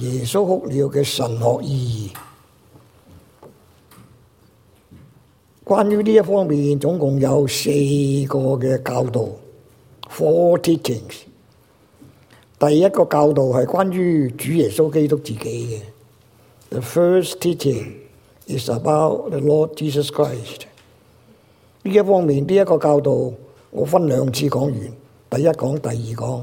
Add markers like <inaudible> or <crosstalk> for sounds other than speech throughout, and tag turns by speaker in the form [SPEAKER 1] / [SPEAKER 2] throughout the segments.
[SPEAKER 1] 耶穌哭了嘅神學意義，關於呢一方面總共有四個嘅教導。Four teachings。第一個教導係關於主耶穌基督自己嘅。The first teaching is about the Lord Jesus Christ。呢一方面呢一個教導我分兩次講完，第一講第二講。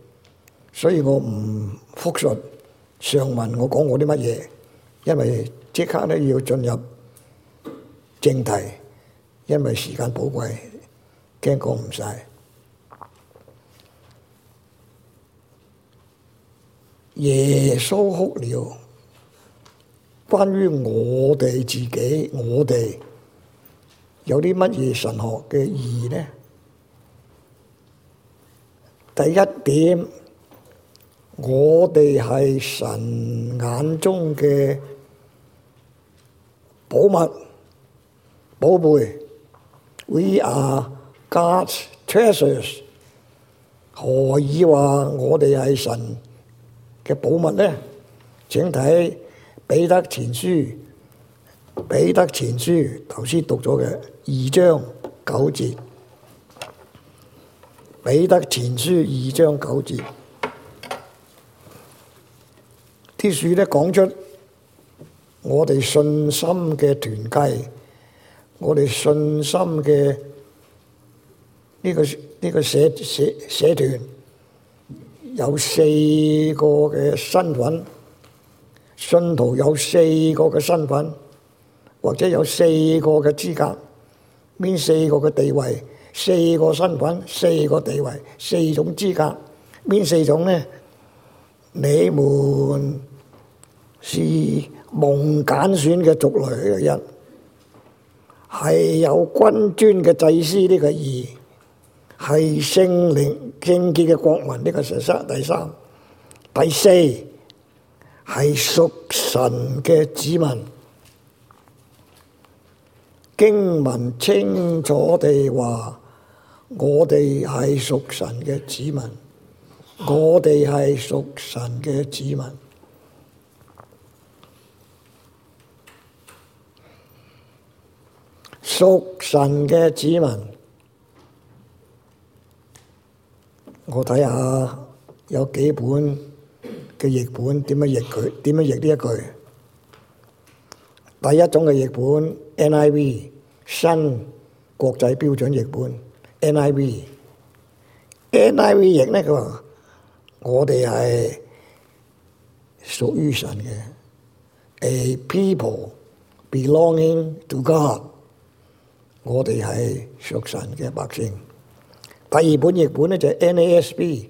[SPEAKER 1] 所以我唔復述上文，我講過啲乜嘢，因為即刻呢要進入正題，因為時間寶貴，驚講唔晒。耶穌哭了，關於我哋自己，我哋有啲乜嘢神學嘅意義呢？第一點。我哋係神眼中嘅寶物、寶貝。We are God's treasures。何以話我哋係神嘅寶物呢？請睇《彼得前書》。《彼得前書》頭先讀咗嘅二章九節，《彼得前書》二章九節。啲書咧講出我哋信心嘅團契，我哋信心嘅呢、這個呢、這個社社社團有四個嘅身份。信徒有四個嘅身份，或者有四個嘅資格，邊四個嘅地位？四個身份，四個地位，四種資格，邊四種咧？你們。是蒙揀選嘅族類嘅人，係有君尊嘅祭司呢、呢個二，係聖靈聖潔嘅國民呢、呢個第三，第四係屬神嘅子民。經文清楚地話：我哋係屬神嘅子民，我哋係屬神嘅子民。屬神嘅子民，我睇下有幾本嘅譯本點樣譯佢？點樣譯呢一句？第一種嘅譯本 NIV 新國際標準譯本 NIV，NIV 譯呢，佢話我哋係屬於神嘅 A people belonging to God。我哋係屬神嘅百姓。第二本譯本咧就係 NASB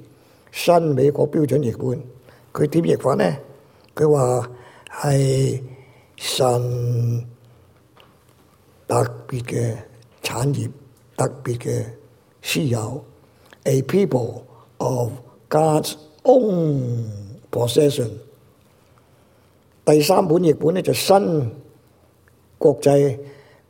[SPEAKER 1] 新美國標準譯本，佢點譯法咧？佢話係神特別嘅產業、特別嘅私有 A people of God's own possession。第三本譯本咧就是、新國際。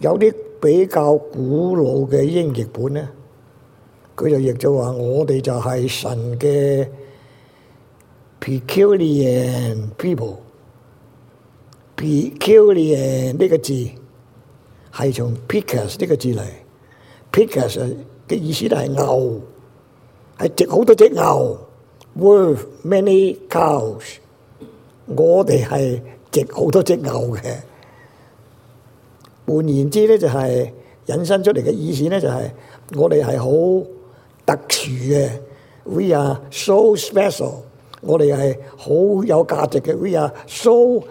[SPEAKER 1] 有啲比較古老嘅英譯本呢，佢就譯咗話：我哋就係神嘅 peculiar people，peculiar 呢個字係從 pecus 呢個字嚟，pecus 嘅意思就係牛，係值好多隻牛，worth many cows。我哋係值好多隻牛嘅。換言之咧、就是，就係引申出嚟嘅意思咧、就是，就係我哋係好特殊嘅，We are so special 我。我哋係好有價值嘅，We are so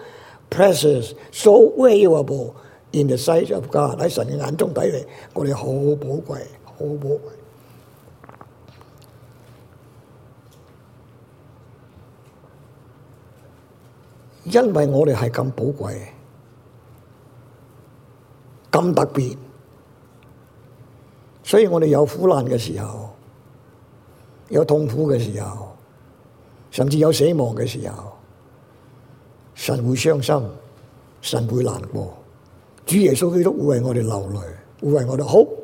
[SPEAKER 1] precious，so valuable in the sight of God。喺神嘅眼中睇嚟，我哋好寶貴，好寶貴。因為我哋係咁寶貴。咁特別，所以我哋有苦難嘅時候，有痛苦嘅時候，甚至有死亡嘅時候，神會傷心，神會難過，主耶穌基督會為我哋流淚，會為我哋哭，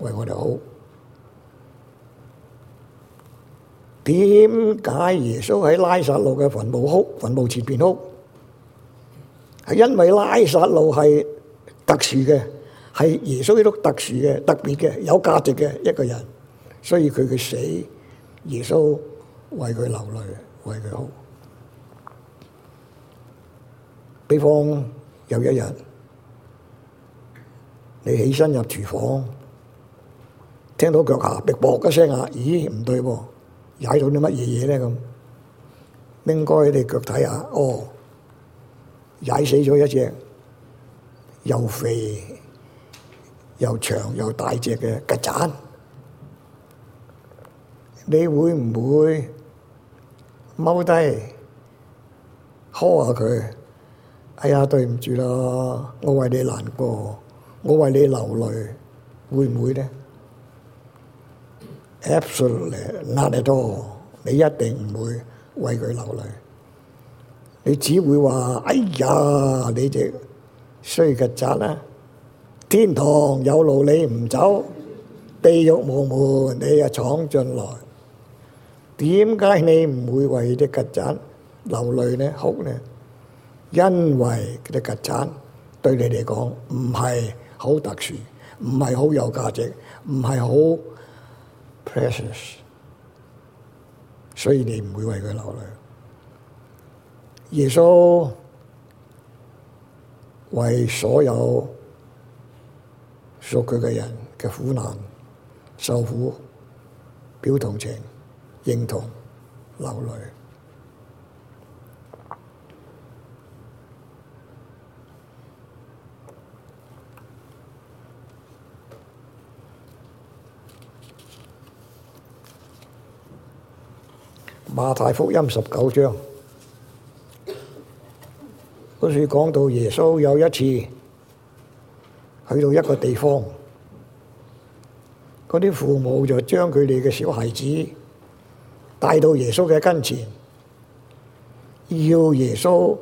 [SPEAKER 1] 為我哋哭。點解耶穌喺拉撒路嘅墳墓哭，墳墓前邊哭？因為拉撒路係特殊嘅，係耶穌都特殊嘅、特別嘅、有價值嘅一個人，所以佢嘅死，耶穌為佢流淚，為佢哭。比方有一日，你起身入廚房，聽到腳下劈啵嘅聲啊！咦，唔對喎、啊，踩到啲乜嘢嘢咧咁？應該你腳睇下，哦。踩死咗一隻又肥又長又大隻嘅曱甴，你會唔會踎低呵下佢？哎呀，對唔住啦，我為你難過，我為你流淚，會唔會呢？Absolutely not at all。你一定唔會為佢流淚。你只會話：哎呀，你隻衰曱甴啦！天堂有路你唔走，地獄無門你又闖進來。點解你唔會為隻曱甴流淚呢、哭呢？因為佢隻曱甴對你嚟講唔係好特殊，唔係好有價值，唔係好 precious，所以你唔會為佢流淚。耶穌為所有屬佢嘅人嘅苦難受苦，表同情、認同、流淚。馬太福音十九章。好似講到耶穌有一次去到一個地方，嗰啲父母就將佢哋嘅小孩子帶到耶穌嘅跟前，要耶穌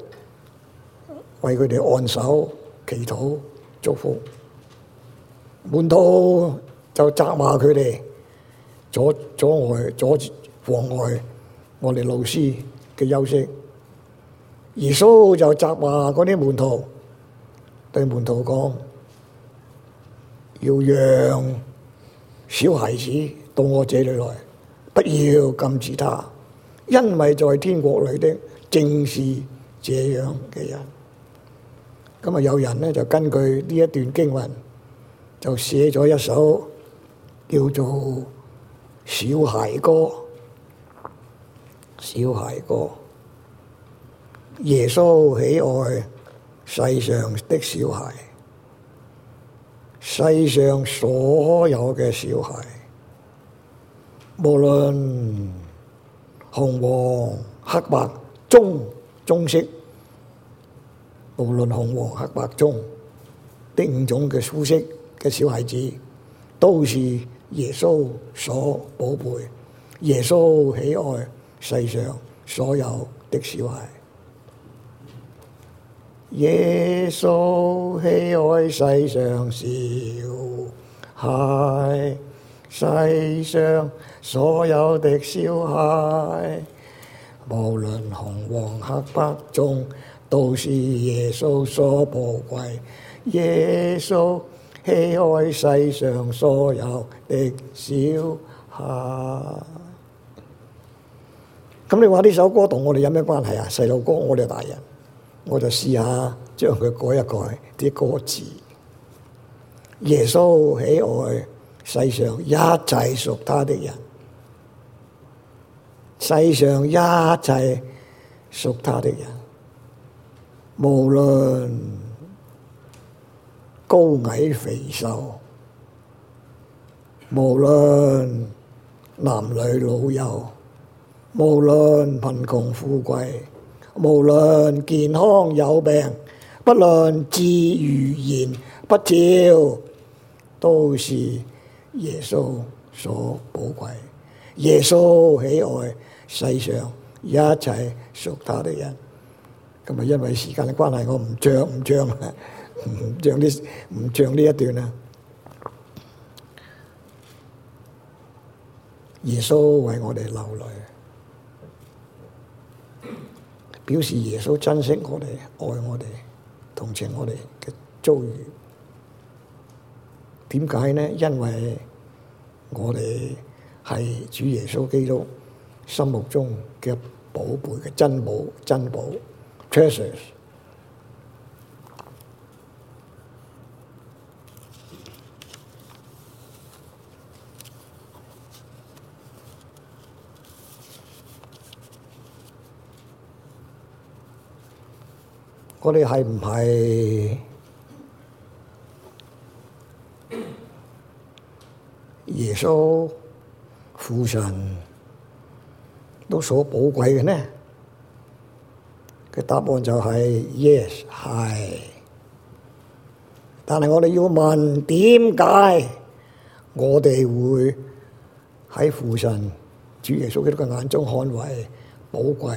[SPEAKER 1] 為佢哋按手、祈禱、祝福。門徒就責罵佢哋阻阻礙、阻止、阻礙我哋老師嘅休息。耶穌就責話嗰啲門徒對門徒講：要讓小孩子到我這裏來，不要禁止他，因為在天國裏的正是這樣嘅人。咁啊，有人呢，就根據呢一段經文，就寫咗一首叫做《小孩歌》。小孩歌。耶穌喜愛世上的小孩，世上所有嘅小孩，無論紅黃黑白棕棕色，無論紅黃黑白棕的五種嘅膚色嘅小孩子，都是耶穌所寶貝。耶穌喜愛世上所有的小孩。耶穌喜愛世上小孩，世上所有的小孩，無論紅黃黑白中，都是耶穌所寶貴。耶穌喜愛世上所有的小孩。咁你話呢首歌同我哋有咩關係啊？細路哥，我哋係大人。我就試下將佢改一改啲歌詞。耶穌喜愛世上一切屬他的人，世上一切屬他的人，無論高矮肥瘦，無論男女老幼，無論貧窮富貴。無論健康有病，不論智愚賢不肖，都是耶穌所寶貴。耶穌喜愛世上一切屬他的人。今日，因為時間嘅關係，我唔唱唔唱唔唱呢唔唱呢一段啊。耶穌為我哋流淚。表示耶穌珍惜我哋，愛我哋，同情我哋嘅遭遇。點解呢？因為我哋係主耶穌基督心目中嘅寶貝嘅珍寶，珍寶。我哋係唔係耶穌父神都所寶貴嘅呢？個答案就係 yes，係。但係我哋要問點解我哋會喺父神、主耶穌基督嘅眼中看為寶貴？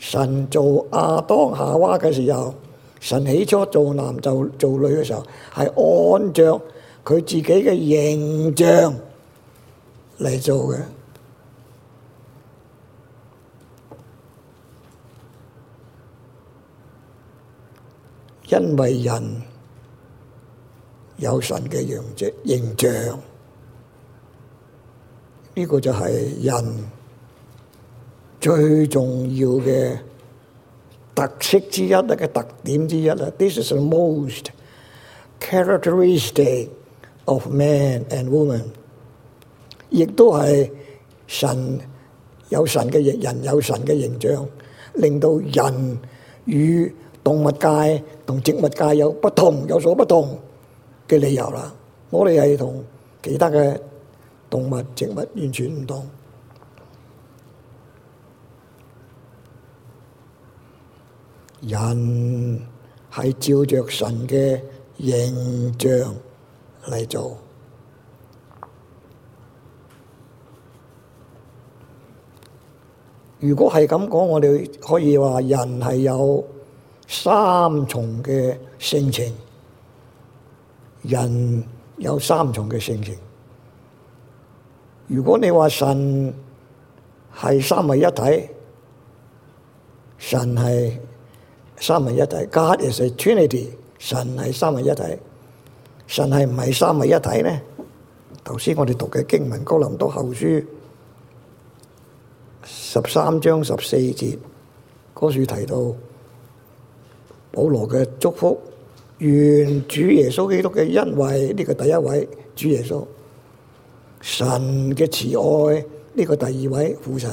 [SPEAKER 1] 神做亞當夏娃嘅時候，神起初做男就做女嘅時候，係按照佢自己嘅形象嚟做嘅，因為人有神嘅樣子形象，呢個就係人。最重要嘅特色之一咧，嘅特點之一咧，This is the most characteristic of man and woman。亦都係神有神嘅形人有神嘅形象，令到人與動物界同植物界有不同，有所不同嘅理由啦。我哋係同其他嘅動物、植物完全唔同。人係照著神嘅形象嚟做。如果係咁講，我哋可以話人係有三重嘅性情。人有三重嘅性情。如果你話神係三位一體，神係。三位一體，God is a Trinity，神係三位一體，神係唔係三位一體呢？頭先我哋讀嘅經文，哥林多後書十三章十四節嗰處提到保羅嘅祝福，願主耶穌基督嘅恩惠呢個第一位，主耶穌，神嘅慈愛呢個第二位，父神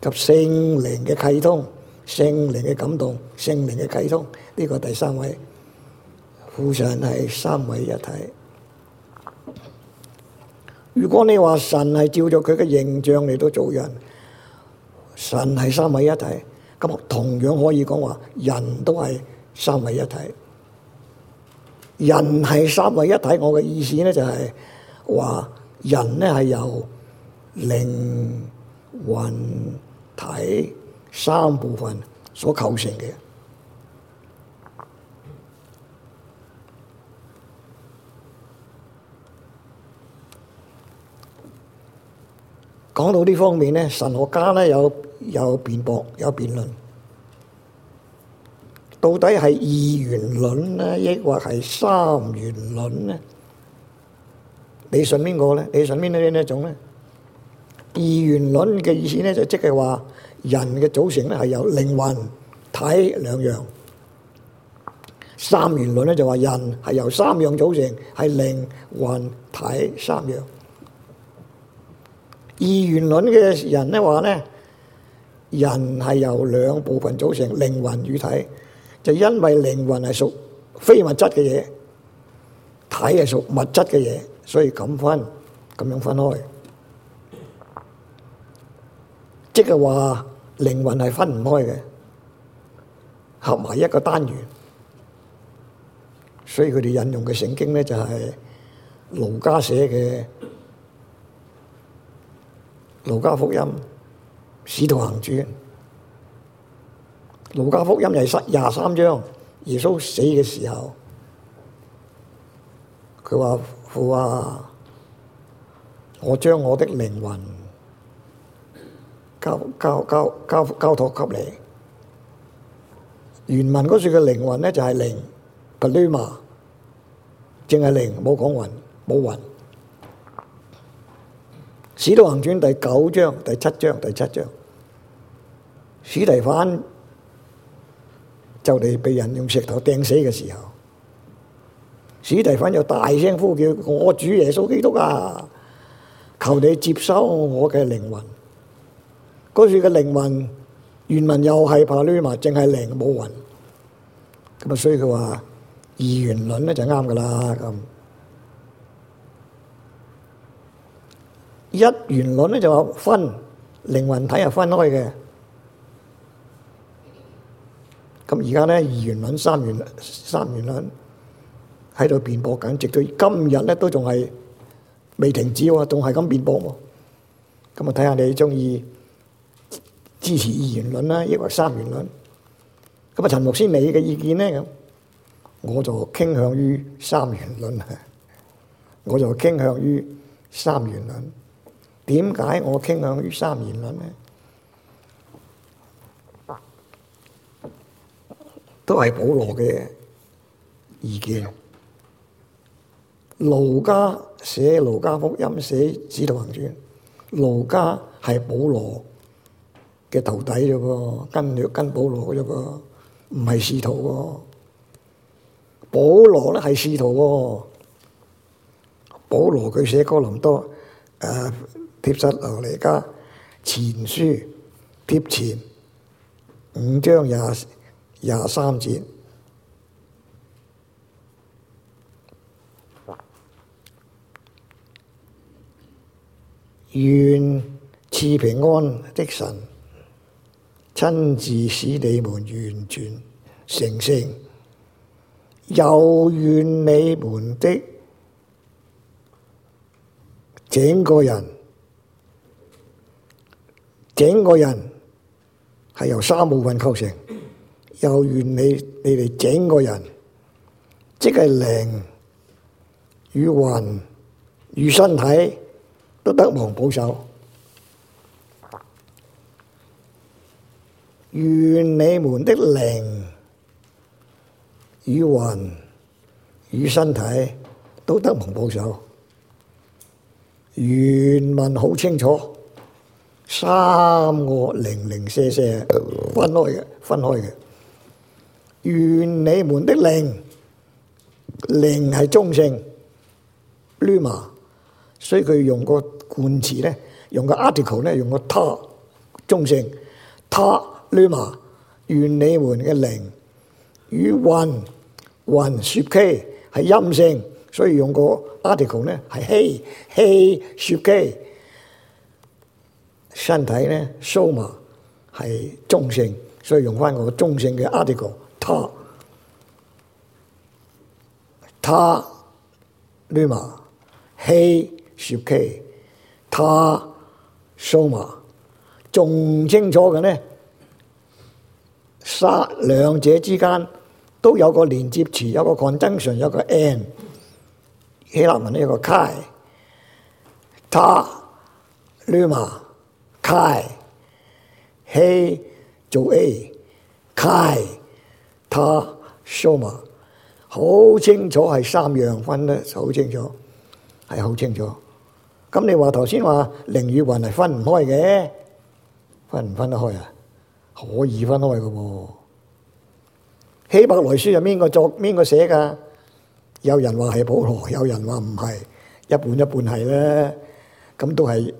[SPEAKER 1] 及聖靈嘅契通。聖靈嘅感動，聖靈嘅啟通，呢、這個第三位，父神係三位一體。如果你話神係照着佢嘅形象嚟到做人，神係三位一體，咁同樣可以講話人都係三位一體。人係三位一體，我嘅意思咧就係話人咧係由靈魂體。三部分所構成嘅。講到呢方面咧，神學家呢有有辯駁，有辯論。到底係二元論呢，抑或係三元論呢？你信邊個呢？你信邊一呢種呢？二元論嘅意思呢，就即係話。人嘅組成咧係由靈魂、體兩樣。三元論咧就話人係由三樣組成，係靈魂、體三樣。二元論嘅人咧話咧，人係由兩部分組成，靈魂與體。就因為靈魂係屬非物質嘅嘢，體係屬物質嘅嘢，所以咁分，咁樣分開。即係話靈魂係分唔開嘅，合埋一個單元，所以佢哋引用嘅聖經呢，就係路加寫嘅《路加福音》，使徒行傳《路加福音》係廿三章，耶穌死嘅時候，佢話，父啊，我將我的靈魂。交交交交託給你，原文嗰處嘅靈魂呢就係靈，不呢嘛，淨係靈，冇講魂，冇魂。使徒行傳第九章第七章第七章，司提反就嚟，被人用石頭掟死嘅時候，司提反又大聲呼叫：我主耶穌基督啊！求你接收我嘅靈魂。嗰處嘅靈魂，原文又係爬亂埋，淨係零冇云。咁啊，所以佢話二元論咧就啱噶啦咁。一元論咧就話分靈魂體係分開嘅。咁而家咧二元論、三元論、三元論喺度辯駁緊，直到今日咧都仲係未停止喎，仲係咁辯駁。咁啊，睇下你中意。支持二元論啦，抑或三元論？咁啊，陳牧師，你嘅意見呢？咁，我就傾向於三元論。我就傾向於三元論。點解我傾向於三元論呢？都係保羅嘅意見。路加寫路加福音寫，寫《使徒行傳》，路加係保羅嘅徒弟啫喎，跟著跟保羅啫喎，唔係仕途喎。保羅，呢係仕途喎。保羅佢寫哥林多，誒，帖撒羅尼迦前書，帖前五章廿廿三節，願賜平安的神，親自使你們完全成聖，又願你們的整個人，整個人係由三部分構成，又願你你哋整個人，即係靈與魂與身體都得蒙保守。願你們的靈與魂與身體都得蒙保守。原文好清楚，三個零零舍舍分開嘅，分開嘅。願你們的靈，靈係中性，女嘛，所以佢用個冠詞咧，用個 article 咧，用個他中性，他。u 氯嘛，原你們嘅靈與雲雲雪基係陰性，所以用個 article 呢，係希希雪基。身體呢 Soma 係中性，所以用翻個中性嘅 article。他，Luma，它它氯嘛希雪基它 Soma 仲清楚嘅呢。三兩者之間都有個連接詞，有個 conjunction，有個 and 希臘文呢，有個 kai 他、luma kai he 做 a kai 他 shuma 好清楚係三樣分得好清楚，係好清楚。咁你話頭先話靈與魂係分唔開嘅，分唔分得開啊？可以分開嘅喎、啊，《希伯來書》係邊個作、邊個寫㗎？有人話係保羅，有人話唔係，一半一半係啦。咁都係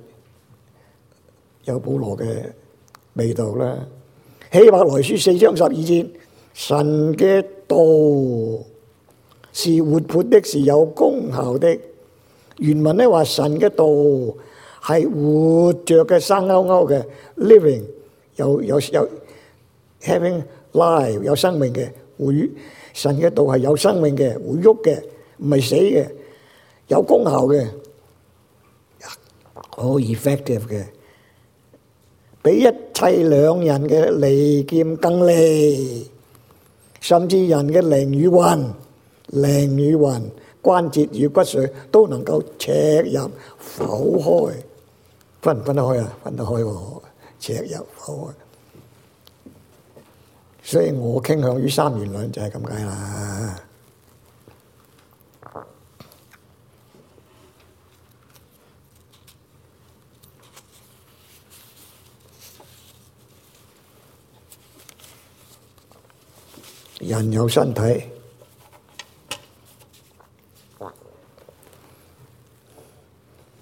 [SPEAKER 1] 有保羅嘅味道啦。《希伯來書》四章十二節，神嘅道是活潑的，是有功效的。原文呢話：神嘅道係活著嘅、生勾勾嘅 （living）。有有有 having life 有生命嘅，會神嘅道係有生命嘅，會喐嘅，唔係死嘅，有功效嘅，好 effective 嘅，比一切兩刃嘅利劍更利，甚至人嘅靈與魂、靈與魂、關節與骨髓都能夠刺入剖開，分唔分得開啊，分得開喎！尺又好啊，所以我傾向於三元論就係咁解啦。人有身體，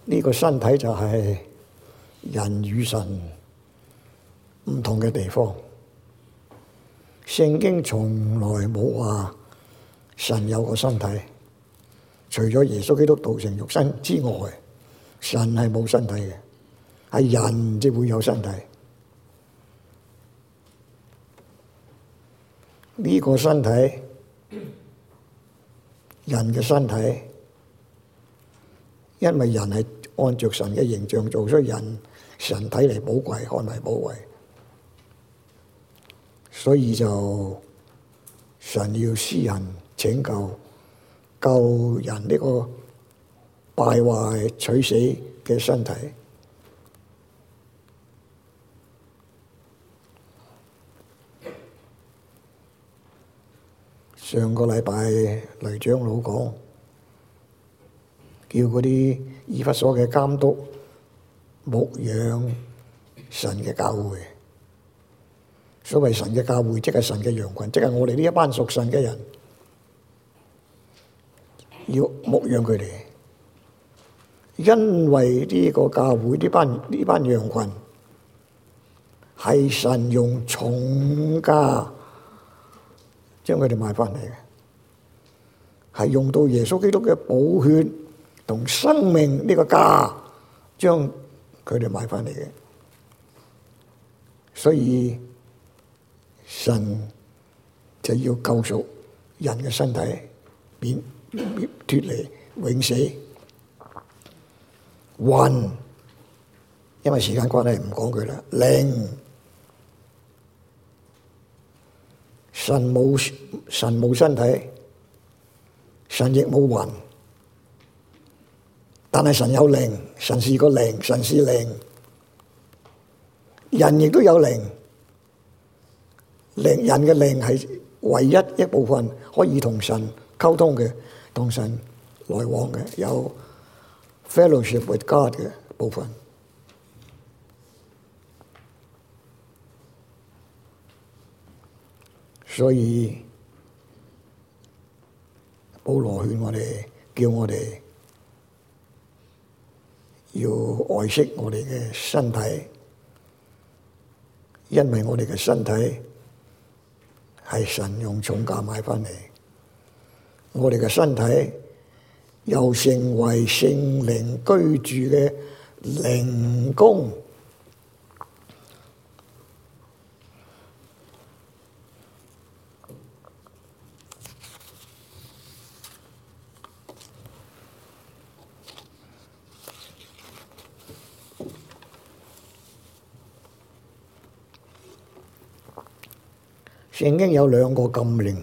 [SPEAKER 1] 呢 <laughs> 個身體就係人與神，唔同嘅地方，聖經從來冇話神有個身體，除咗耶穌基督道成肉身之外，神係冇身體嘅，係人先會有身體。呢個身體，人嘅身體，因為人係按照神嘅形象做出人，神體嚟寶貴，看為寶貴。所以就神要私人拯救救人呢個敗壞取死嘅身體。上個禮拜雷長老講，叫嗰啲以弗所嘅監督牧養神嘅教會。所謂神嘅教會，即係神嘅羊群，即係我哋呢一班屬神嘅人，要牧養佢哋。因為呢個教會，呢班呢班羊群係神用重價將佢哋買翻嚟嘅，係用到耶穌基督嘅寶血同生命呢個價將佢哋買翻嚟嘅，所以。神就要救贖人嘅身體，免脫離永死。魂，因為時間關係唔講佢啦。靈，神冇神冇身體，神亦冇魂，但係神有靈，神是個靈，神是靈，人亦都有靈。人靈，人嘅靈係唯一一部分可以同神溝通嘅，同神來往嘅，有 fellowship with God 嘅部分。所以，保羅勸我哋，叫我哋要愛惜我哋嘅身體，因為我哋嘅身體，係神用重價買翻嚟，我哋嘅身體又成為聖靈居住嘅靈宮。聖經有兩個禁令，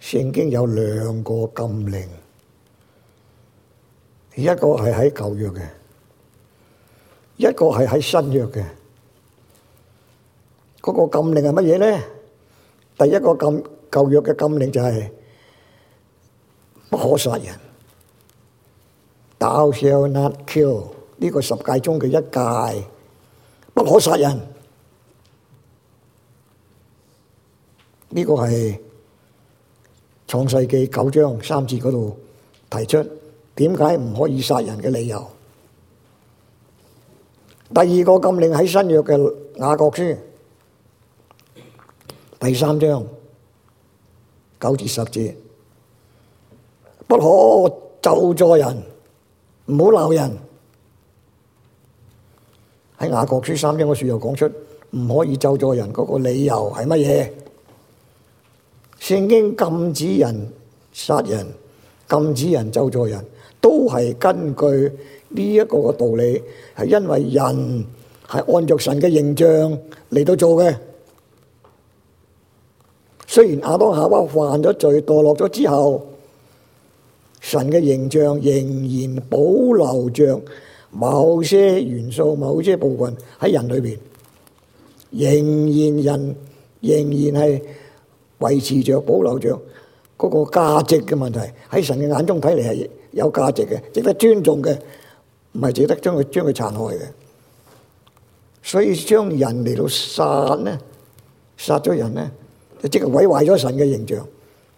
[SPEAKER 1] 聖經有兩個禁令，一個係喺舊約嘅，一個係喺新約嘅。嗰個禁令係乜嘢咧？第一個禁舊約嘅禁令就係不可殺人，Thou shall not kill，呢個十誡中嘅一誡，不可殺人。呢個係創世記九章三節嗰度提出點解唔可以殺人嘅理由。第二個禁令喺新約嘅雅各書第三章九至十節不就助，不可咒詛人，唔好鬧人。喺雅各書三章嗰處又講出唔可以咒詛人嗰個理由係乜嘢？聖經禁止人殺人，禁止人咒詛人，都係根據呢一個嘅道理，係因為人係按照神嘅形象嚟到做嘅。雖然亞當夏娃犯咗罪墮落咗之後，神嘅形象仍然保留着某些元素，某些部分喺人裏邊，仍然人仍然係。維持着、保留着嗰個價值嘅問題，喺神嘅眼中睇嚟係有價值嘅，值得尊重嘅，唔係值得將佢將佢殘害嘅。所以將人嚟到殺呢，殺咗人呢，就即係毀壞咗神嘅形象。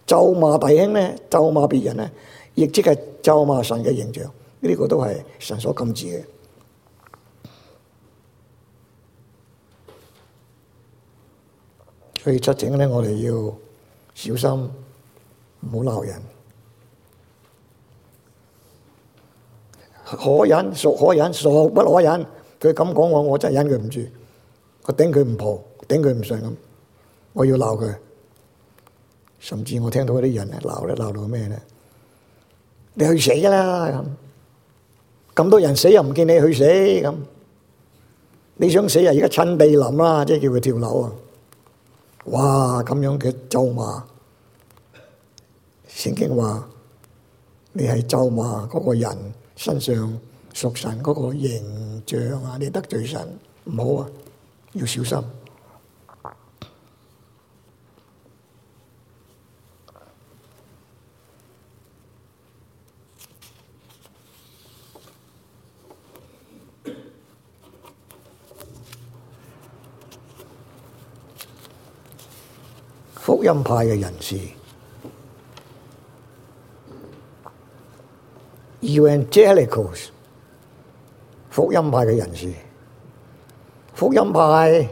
[SPEAKER 1] 咒罵弟兄呢，咒罵別人呢，亦即係咒罵神嘅形象。呢、這個都係神所禁止嘅。去出警咧，我哋要小心，唔好鬧人。可忍孰可忍，孰不可忍。佢咁講我，我真係忍佢唔住。我頂佢唔抱，頂佢唔順咁，我要鬧佢。甚至我聽到啲人係鬧咧，鬧到咩咧？你去死啦！咁咁多人死又唔見你去死咁。你想死啊？而家趁地諗啦，即係叫佢跳樓啊！哇！咁樣嘅咒罵，聖經話：你係咒罵嗰個人身上屬神嗰個形象啊！你得罪神，唔好啊，要小心。福音派嘅人士，Evangelicals，福音派嘅人士，福音派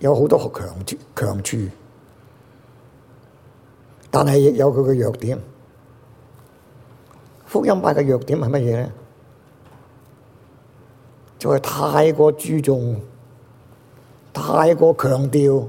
[SPEAKER 1] 有好多強強處，但係亦有佢嘅弱點。福音派嘅弱點係乜嘢咧？就係太過注重，太過強調。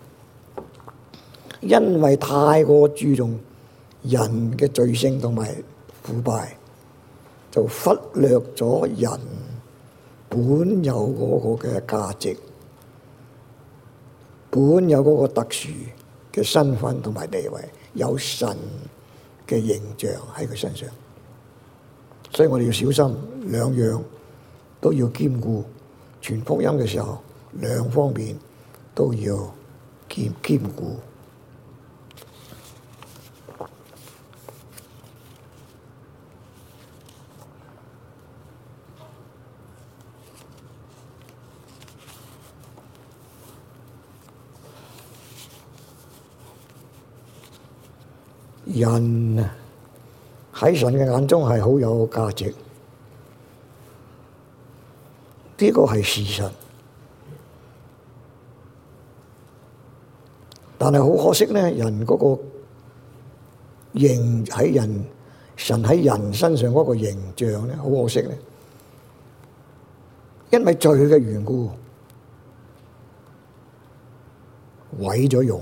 [SPEAKER 1] 因為太過注重人嘅罪性同埋腐敗，就忽略咗人本有嗰個嘅價值，本有嗰個特殊嘅身份同埋地位，有神嘅形象喺佢身上。所以我哋要小心，兩樣都要兼顧，傳福音嘅時候，兩方面都要兼兼顧。人喺神嘅眼中係好有價值，呢個係事實。但係好可惜呢，人嗰、那個形喺人，神喺人身上嗰個形象呢，好可惜呢，因為罪嘅緣故，毀咗容。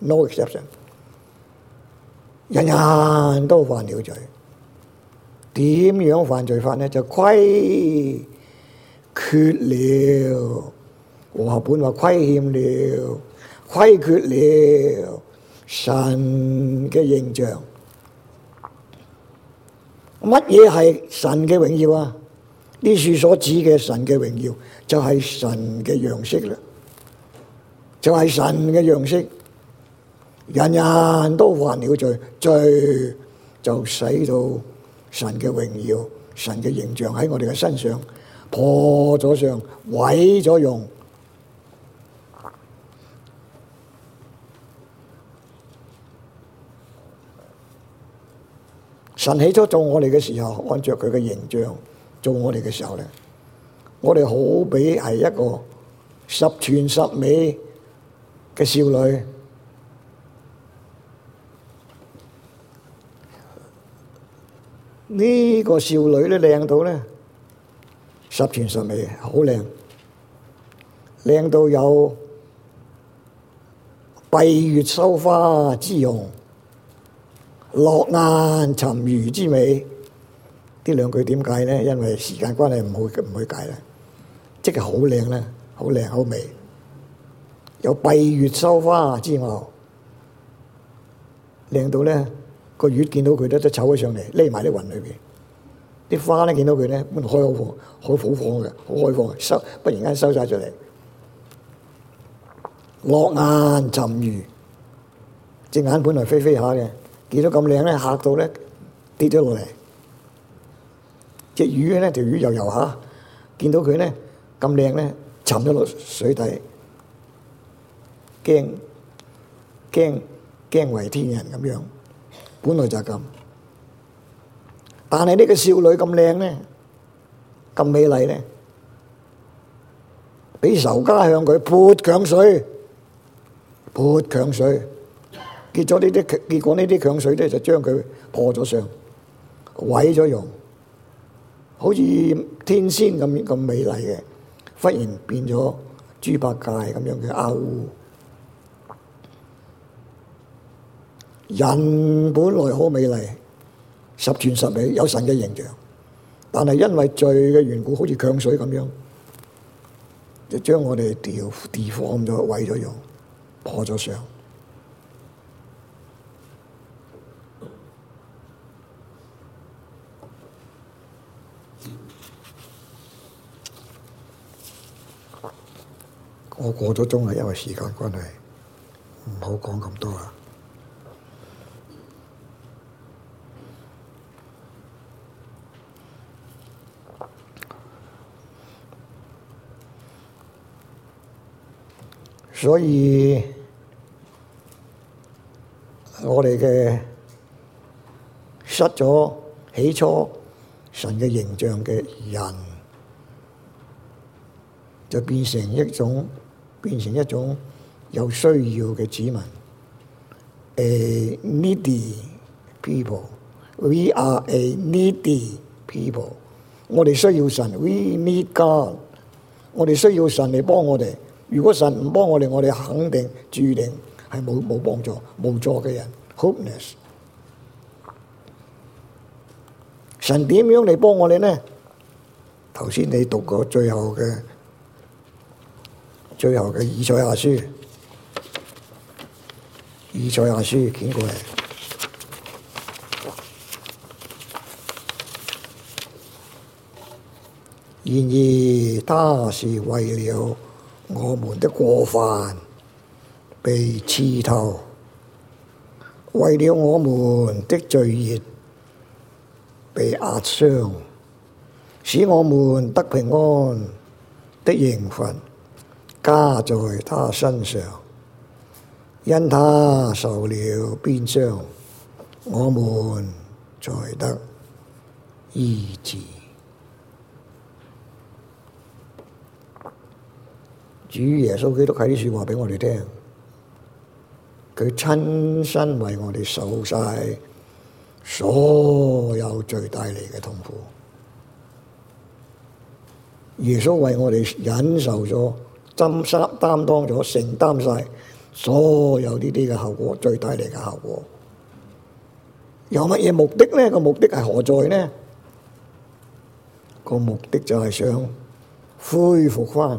[SPEAKER 1] no exception，人人都犯了罪，點樣犯罪法呢？就虧缺了。和合本話：虧欠了，虧缺了神嘅形象。乜嘢係神嘅榮耀啊？呢處所指嘅神嘅榮耀，就係神嘅樣式啦，就係神嘅樣式。人人都犯了罪，罪就使到神嘅榮耀、神嘅形象喺我哋嘅身上破咗相、毀咗容。神起初做我哋嘅時候，按照佢嘅形象做我哋嘅時候咧，我哋好比係一個十全十美嘅少女。呢個少女咧靚到呢，十全十美，好靚，靚到有閉月羞花之容，落雁沉魚之美。呢兩句點解呢？因為時間關係唔會唔會解啦。即係好靚咧，好靚好美，有閉月羞花之貌，靚到呢。個月見到佢咧，都湊咗上嚟，匿埋啲雲裏邊。啲花咧見到佢咧，本來開好火，開好火嘅，好開放，收，忽然間收晒咗嚟。落雁沉魚，隻雁本來飛飛下嘅，見到咁靚咧，嚇到咧，跌咗落嚟。隻魚咧，條魚遊遊下，見到佢咧咁靚咧，沉咗落水底，驚驚驚為天人咁樣。本來就係咁，但係呢個少女咁靚呢，咁美麗呢，俾仇家向佢潑強水，潑強水，結果呢啲強，結果呢啲強水呢就將佢破咗相，毀咗容，好似天仙咁咁美麗嘅，忽然變咗豬八戒咁樣嘅牛。人本來好美麗，十全十美，有神嘅形象。但係因為罪嘅緣故，好似強水咁樣，就將我哋調、地方咗、毀咗容，破咗相。 <noise> 我過咗鐘啦，因為時間關係，唔好講咁多啦。所以，我哋嘅失咗起初神嘅形象嘅人，就變成一種，變成一種有需要嘅子民。誒，needy people，we are a needy people。我哋需要神，we need God。我哋需要神嚟幫我哋。如果神唔幫我哋，我哋肯定注定係冇冇幫助、冇助嘅人。Hopeless。神點樣嚟幫我哋呢？頭先你讀過最後嘅、最後嘅以賽亞書，以賽亞書見過嚟，然而，他是為了。我們的過犯被刺透，為了我們的罪孽被壓傷，使我們得平安的刑罰加在他身上，因他受了鞭傷，我們才得醫治。主耶穌基督喺啲說話俾我哋聽，佢親身為我哋受晒所有最大利嘅痛苦。耶穌為我哋忍受咗、擔當咗、承擔晒所有呢啲嘅後果，最大利嘅後果。有乜嘢目的呢？個目的係何在呢？個目的就係想恢復翻。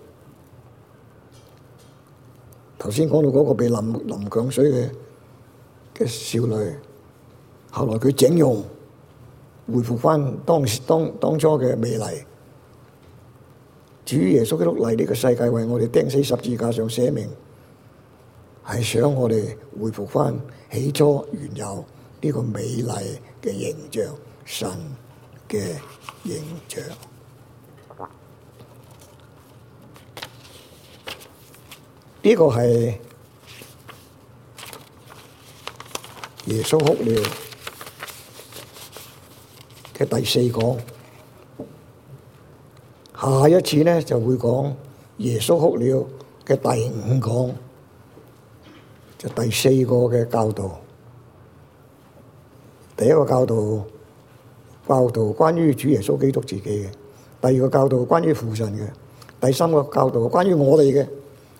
[SPEAKER 1] 頭先講到嗰個被淋淋強水嘅少女，後來佢整容，復回復翻當時當當初嘅美麗。主耶穌基督嚟呢個世界為我哋釘死十字架上捨命，係想我哋回復翻起初原有呢個美麗嘅形象，神嘅形象。呢個係耶穌哭了嘅第四講，下一次呢就會講耶穌哭了嘅第五講，就第四個嘅教導。第一個教導，教導關於主耶穌基督自己嘅；第二個教導關於父神嘅；第三個教導關於我哋嘅。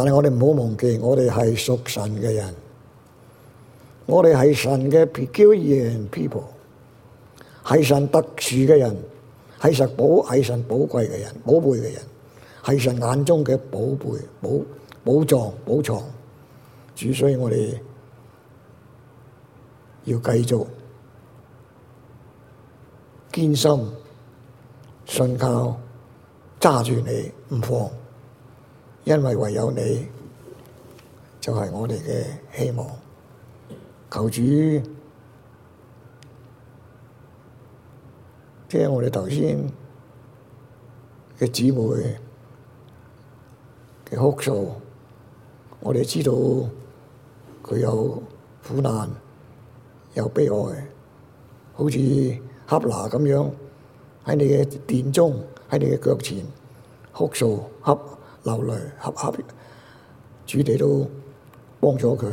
[SPEAKER 1] 但係我哋唔好忘記，我哋係屬神嘅人，我哋係神嘅 peculiar people，係神特殊嘅人，係神寶，係神寶貴嘅人，寶貝嘅人，係神眼中嘅寶貝，寶寶藏寶藏。主，所以我哋要繼續堅心信靠，揸住你唔放。因為唯有你就係、是、我哋嘅希望。求主聽、就是、我哋頭先嘅姊妹嘅哭訴，我哋知道佢有苦難、有悲哀，好似哈拿咁樣喺你嘅殿中，喺你嘅腳前哭訴哈。流淚，合合主哋都幫咗佢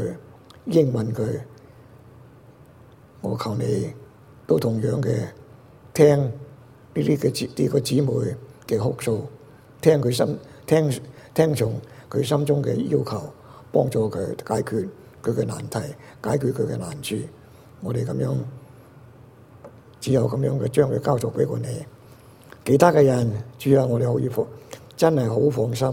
[SPEAKER 1] 應允佢。我求你都同樣嘅聽呢啲嘅呢個姊妹嘅哭訴，聽佢心聽聽從佢心中嘅要求，幫助佢解決佢嘅難題，解決佢嘅難處。我哋咁樣只有咁樣嘅將佢交咗畀過你。其他嘅人，主啊，我哋好舒服。真係好放心，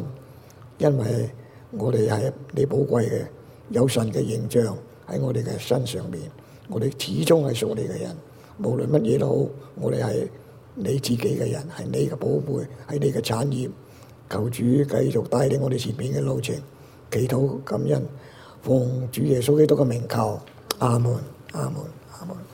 [SPEAKER 1] 因為我哋係你寶貴嘅，有神嘅形象，喺我哋嘅身上面。我哋始終係屬你嘅人，無論乜嘢都好，我哋係你自己嘅人，係你嘅寶貝，係你嘅產業。求主繼續帶領我哋前面嘅路程，祈禱感恩，奉主耶穌基督嘅名求，阿門，阿門，阿門。